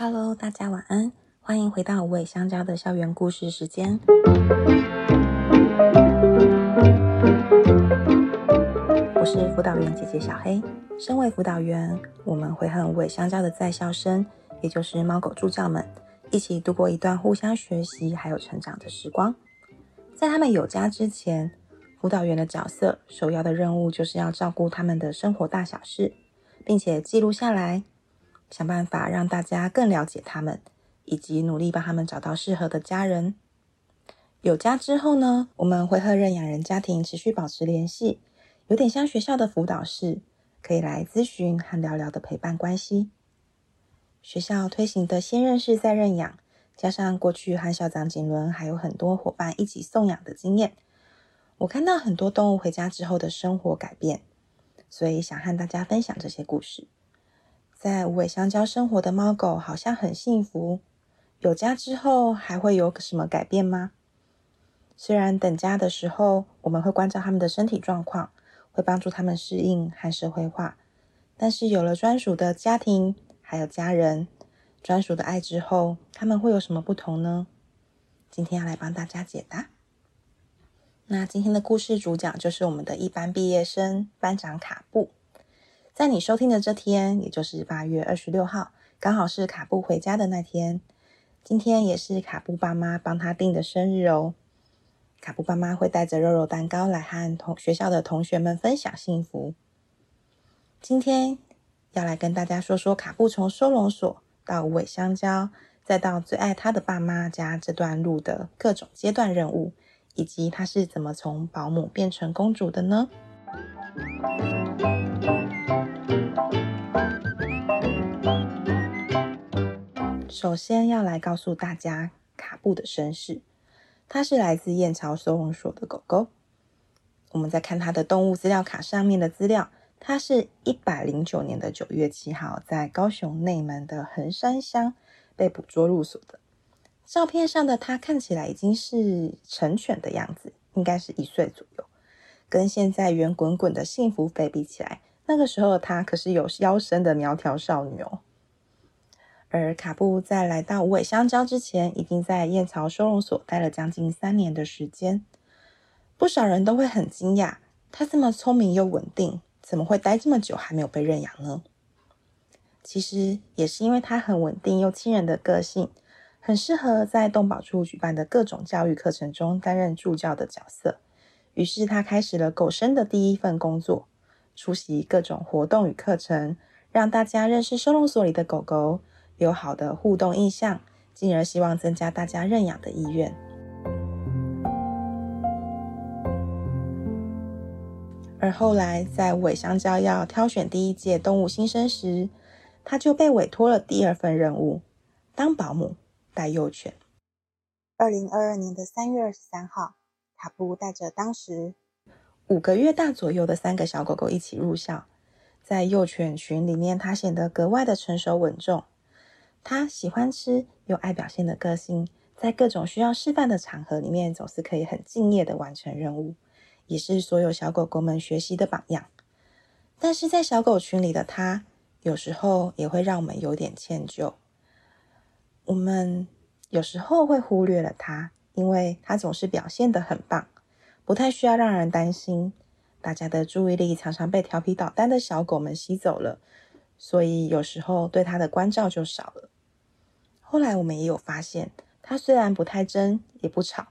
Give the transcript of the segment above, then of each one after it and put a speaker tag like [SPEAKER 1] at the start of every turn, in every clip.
[SPEAKER 1] Hello，大家晚安，歡迎回到無尾香蕉的校園故事時間。我是輔導員姐姐小黑。身為輔導員，我們會和無尾香蕉的在校生，也就是貓狗助教們，一起度過一段互相學習還有成長的時光。在他們有家之前，輔導員的角色首要的任務就是要照顧他們的生活大小事，並且記錄下來。想辦法讓大家更了解他們，以及努力幫他們找到適合的家人。有家之後呢，我們會和認養人家庭持續保持聯繫，有點像學校的輔導室，可以來諮詢和聊聊的陪伴關係。學校推行的先認識再認養，加上過去和校長景倫還有很多夥伴一起送養的經驗，我看到很多動物回家之後的生活改變，所以想和大家分享這些故事。在無尾香蕉生活的貓狗好像很幸福。有家之後還會有什麼改變嗎？雖然等家的時候，我們會關照他們的身體狀況，會幫助他們適應和社會化，但是有了專屬的家庭，還有家人，專屬的愛之後，他們會有什麼不同呢？今天要來幫大家解答。那今天的故事主角就是我們的一班畢業生班長卡布。在你收聽的這天，也就是八月二十六號，剛好是卡布回家的那天。今天也是卡布爸媽幫他訂的生日哦。卡布爸媽會帶着肉肉蛋糕來和同學校的同學們分享幸福。今天要來跟大家說說卡布從收容所到無尾香蕉，再到最愛他的爸媽家這段路的各種階段任務，以及他是怎麼從保母變成公主的呢？首先要來告訴大家卡布的身世，它是來自燕巢收容所的狗狗。我們再看它的動物資料卡上面的資料，它是一百零九年的九月七號在高雄內門的恆山鄉被捕捉入所的。照片上的它看起來已經是成犬的樣子，應該是一歲左右。跟現在圓滾滾的幸福肥比起來，那個時候的它可是有腰身的苗條少女哦。而卡布在來到無尾香蕉之前，已經在燕巢收容所待了將近三年的時間。不少人都會很驚訝，他這麼聰明又穩定，怎麼會待這麼久還沒有被認養呢？其實也是因為他很穩定又親人的個性，很適合在動保處舉辦的各種教育課程中擔任助教的角色。於是他開始了狗生的第一份工作，出席各種活動與課程，讓大家認識收容所裡的狗狗。有好的互動意向，進而希望增加大家認養的意願。而後來在無尾香蕉要挑選第一屆動物新生時，他就被委託了第二份任務，當保姆帶幼犬。二零二二年的三月二十三號，卡布帶着當時五個月大左右的三個小狗狗一起入校，在幼犬群裡面，他顯得格外的成熟穩重。他喜歡吃又愛表現的個性，在各種需要示範的場合裡面，總是可以很敬業的完成任務，也是所有小狗狗們學習的榜樣。但是在小狗群裡的他，有時候也會讓我們有點歉疚。我們有時候會忽略了他，因為他總是表現得很棒，不太需要讓人擔心。大家的注意力常常被調皮搗蛋的小狗們吸走了，所以有時候對他的關照就少了。後來我們也有發現，它雖然不太爭也不吵，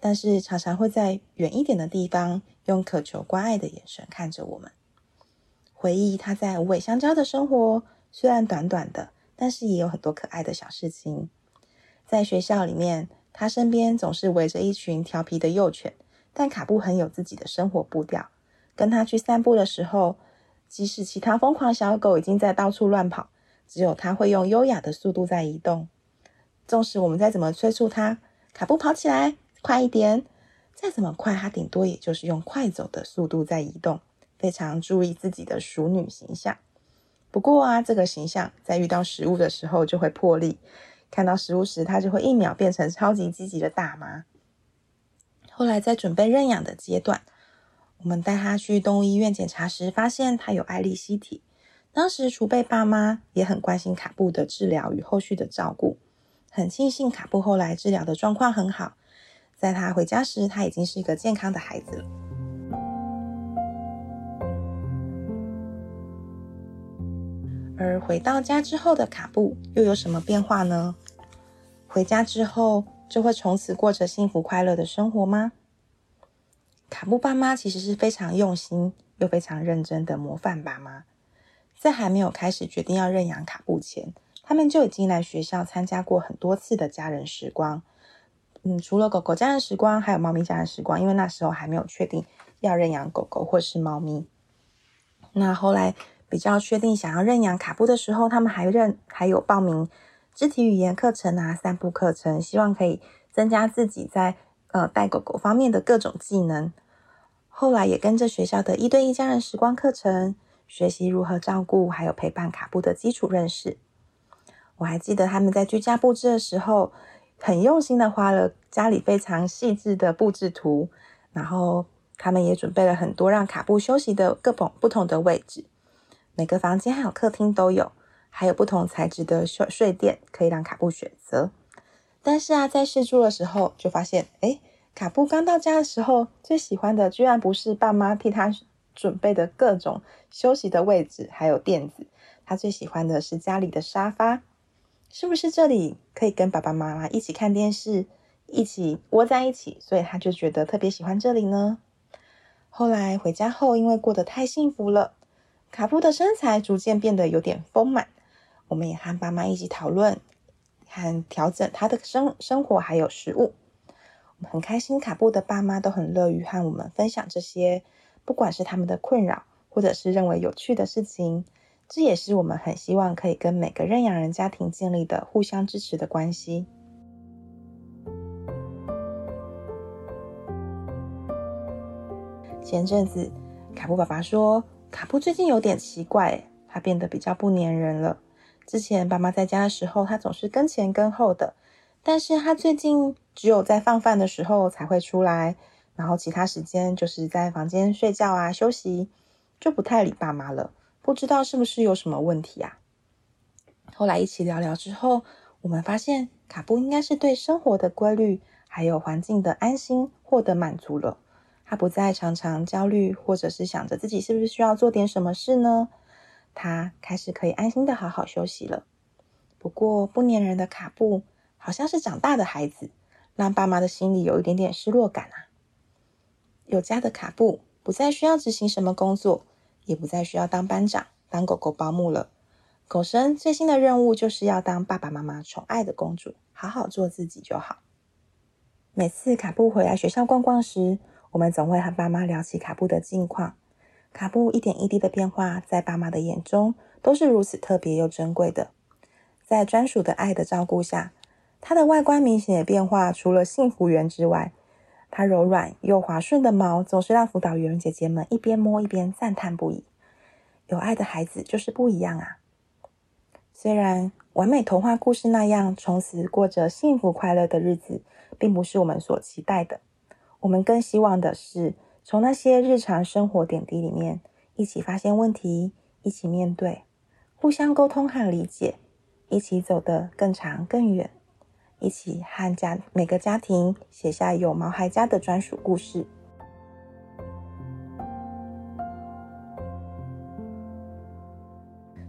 [SPEAKER 1] 但是常常會在遠一點的地方用渴求關愛的眼神看着我們。回憶他在無尾香蕉的生活，雖然短短的，但是也有很多可愛的小事情。在學校裡面，他身邊總是圍着一群調皮的幼犬，但卡布很有自己的生活步調。跟他去散步的時候，即使其他瘋狂小狗已經在到處亂跑。只有它會用優雅的速度在移動，縱使我們再怎麼催促它，卡布跑起來快一點，再怎麼快，它頂多也就是用快走的速度在移動，非常注意自己的淑女形象。不過啊，這個形象在遇到食物的時候就會破例，看到食物時，它就會一秒變成超級積極的大媽。後來在準備認養的階段，我們帶它去動物醫院檢查時，發現它有艾利希體。當時，儲備爸媽也很關心卡布的治療與後續的照顧。很慶幸卡布後來治療的狀況很好，在他回家時，他已經是一個健康的孩子了。而回到家之後的卡布又有什麼變化呢？回家之後就會從此過着幸福快樂的生活嗎？卡布爸媽其實是非常用心又非常認真的模範爸媽。在還沒有開始決定要認養卡布前，他們就已經來學校參加過很多次的家人時光。嗯，除了狗狗家人時光，還有貓咪家人時光，因為那時候還沒有確定要認養狗狗或是貓咪。那後來比較確定想要認養卡布的時候，他們還認，還有報名肢體語言課程啊、散步課程，希望可以增加自己在，呃，帶狗狗方面的各種技能。後來也跟着學校的一對一家人時光課程。學習如何照顧，還有陪伴卡布的基礎認識。我還記得他們在居家布置的時候，很用心的畫了家裡非常細緻的布置圖，然後他們也準備了很多讓卡布休息的各種不同的位置，每個房間還有客廳都有，還有不同材質的睡睡墊可以讓卡布選擇。但是啊，在試住的時候就發現，哎，卡布剛到家的時候，最喜歡的居然不是爸媽替他。準備的各種休息的位置，還有墊子。他最喜歡的是家裡的沙發，是不是這裡可以跟爸爸媽媽一起看電視，一起窩在一起？所以他就覺得特別喜歡這裡呢。後來回家後，因為過得太幸福了，卡布的身材逐漸變得有點豐滿。我們也和爸媽一起討論，看調整他的生生活還有食物。我們很開心，卡布的爸媽都很樂於和我們分享這些。不管是他們的困擾，或者是認為有趣的事情，這也是我們很希望可以跟每個認養人家庭建立的互相支持的關係。前陣子，卡布爸爸說，卡布最近有點奇怪，他變得比較不粘人了。之前爸媽在家的時候，他總是跟前跟後的，但是他最近只有在放飯的時候才會出來。然後其他時間就是在房間睡覺啊，休息，就不太理爸媽了。不知道是不是有什麼問題啊？後來一起聊聊之後，我們發現卡布應該是對生活的規律還有環境的安心獲得滿足了。他不再常常焦慮，或者是想着自己是不是需要做點什麼事呢？他開始可以安心的好好休息了。不過不粘人的卡布好像是長大的孩子，讓爸媽的心裡有一點點失落感啊。有家的卡布不再需要執行什麼工作，也不再需要當班長、當狗狗保姆了。狗生最新的任務就是要當爸爸媽媽寵愛的公主，好好做自己就好。每次卡布回來學校逛逛時，我們總會和爸媽聊起卡布的近況。卡布一點一滴的變化，在爸媽的眼中都是如此特別又珍貴的。在專屬的愛的照顧下，它的外觀明顯的變化，除了幸福園之外。它柔軟又滑順的毛，總是讓輔導員姐姐們一邊摸一邊讚嘆不已。有愛的孩子就是不一樣啊！雖然完美童話故事那樣從此過着幸福快樂的日子，並不是我們所期待的。我們更希望的是，從那些日常生活點滴裡面，一起發現問題，一起面對，互相溝通和理解，一起走得更長更遠。一起和家，每個家庭寫下有毛孩家的專屬故事。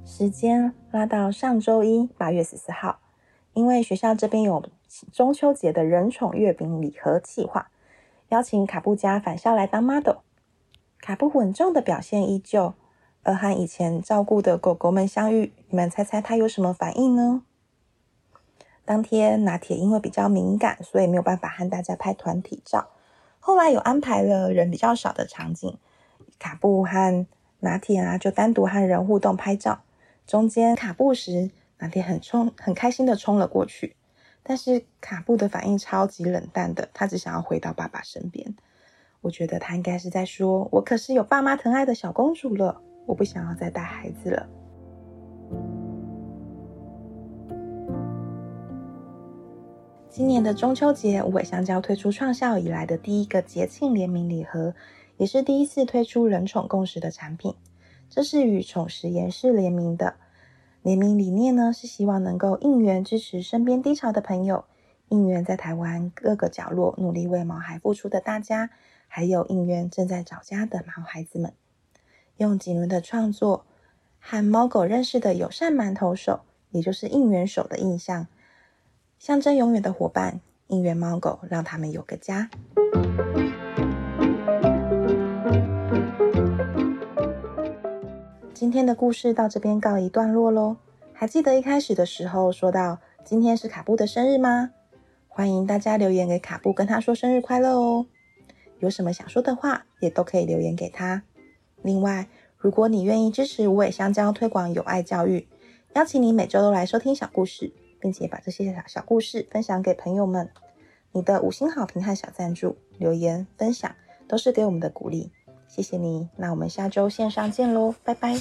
[SPEAKER 1] 時間拉到上周一八月十四號，因為學校這邊有中秋節的人寵月餅禮盒計劃，邀請卡布家返校來當 model。卡布穩重的表現依舊，而和以前照顧的狗狗們相遇，你們猜猜他有什麼反應呢？當天拿鐵因為比較敏感，所以沒有辦法和大家拍團體照。後來有安排了人比較少的場景，卡布和拿鐵啊就單獨和人互動拍照。中間卡布時，拿鐵很衝、很開心的衝了過去，但是卡布的反應超級冷淡的，他只想要回到爸爸身邊。我覺得他應該是在說：“我可是有爸媽疼愛的小公主了，我不想要再帶孩子了。”今年的中秋節，無尾香蕉推出創校以來的第一個節慶聯名禮盒，也是第一次推出人寵共識的產品。這是與寵食研室聯名的。聯名理念呢，是希望能夠應援支持身邊低潮的朋友，應援在台灣各個角落努力為毛孩付出的大家，還有應援正在找家的毛孩子們。用幾輪的創作，和貓狗認識的友善饅頭手，也就是應援手的印象。象徵永遠的夥伴，姻緣貓狗，讓他們有個家。今天的故事到這邊告一段落嘍。還記得一開始的時候說到，今天是卡布的生日嗎？歡迎大家留言給卡布，跟他說生日快樂哦。有什麼想說的話，也都可以留言給他。另外，如果你願意支持無尾香蕉推廣友愛教育，邀請你每周都來收聽小故事。並且把這些小小故事分享給朋友們。你的五星好評和小贊助、留言、分享，都是給我們的鼓勵。謝謝你，那我們下周線上見嘍，拜拜。